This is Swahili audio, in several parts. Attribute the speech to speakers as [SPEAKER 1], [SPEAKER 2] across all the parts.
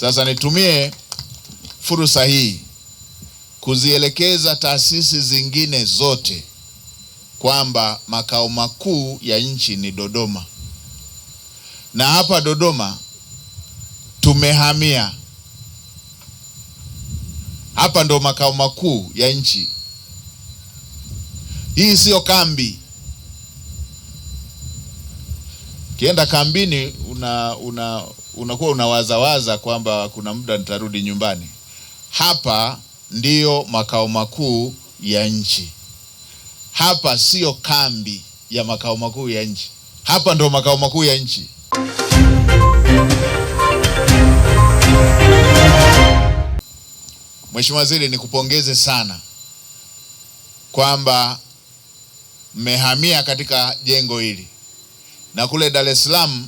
[SPEAKER 1] Sasa nitumie fursa hii kuzielekeza taasisi zingine zote kwamba makao makuu ya nchi ni Dodoma, na hapa Dodoma tumehamia. Hapa ndo makao makuu ya nchi. Hii siyo kambi. Ukienda kambini una, una unakuwa unawazawaza kwamba kuna muda nitarudi nyumbani. Hapa ndiyo makao makuu ya nchi. Hapa siyo kambi ya makao makuu ya nchi. Hapa ndo makao makuu ya nchi. Mheshimiwa Waziri, nikupongeze sana kwamba mmehamia katika jengo hili na kule Dar es Salaam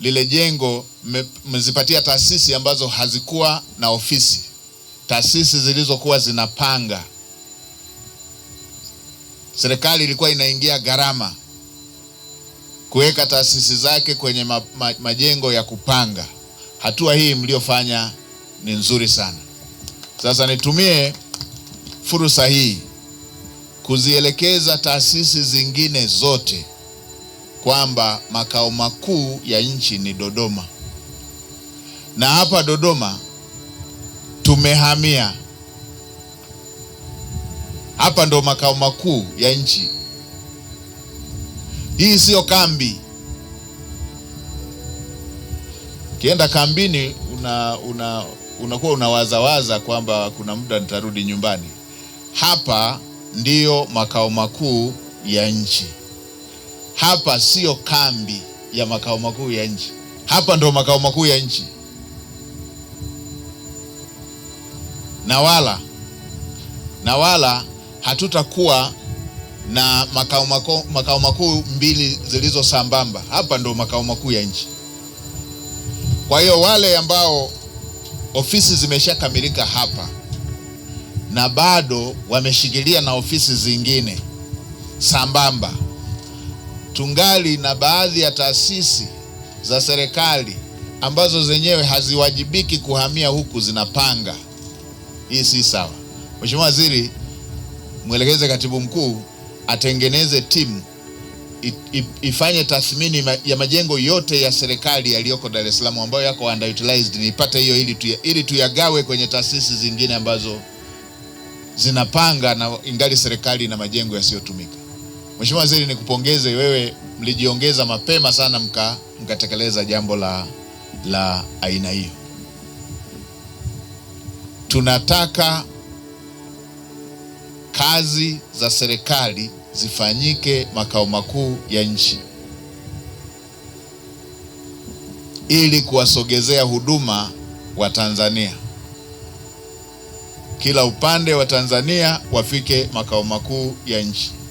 [SPEAKER 1] lile jengo mmezipatia taasisi ambazo hazikuwa na ofisi, taasisi zilizokuwa zinapanga. Serikali ilikuwa inaingia gharama kuweka taasisi zake kwenye ma, ma, majengo ya kupanga. Hatua hii mliofanya ni nzuri sana. Sasa nitumie fursa hii kuzielekeza taasisi zingine zote kwamba makao makuu ya nchi ni Dodoma, na hapa Dodoma tumehamia. Hapa ndo makao makuu ya nchi. Hii siyo kambi. Ukienda kambini una una unakuwa unawazawaza kwamba kuna muda nitarudi nyumbani. Hapa ndiyo makao makuu ya nchi hapa siyo kambi ya makao makuu ya nchi, hapa ndo makao makuu ya nchi, na wala na wala hatutakuwa na makao makuu makao makuu mbili zilizo sambamba. Hapa ndo makao makuu ya nchi. Kwa hiyo wale ambao ofisi zimeshakamilika hapa na bado wameshikilia na ofisi zingine sambamba tungali na baadhi ya taasisi za serikali ambazo zenyewe haziwajibiki kuhamia huku zinapanga. Hii si sawa. Mheshimiwa Waziri, mwelekeze Katibu Mkuu atengeneze timu ifanye tathmini ya majengo yote ya serikali yaliyoko Dar es Salaam ambayo yako underutilized, nipate hiyo ili tuya, ili tuyagawe kwenye taasisi zingine ambazo zinapanga na ingali serikali na majengo yasiyotumika. Mheshimiwa Waziri, nikupongeze wewe, mlijiongeza mapema sana mka mkatekeleza jambo la la aina hiyo. Tunataka kazi za serikali zifanyike makao makuu ya nchi ili kuwasogezea huduma wa Tanzania, kila upande wa Tanzania wafike makao makuu ya nchi.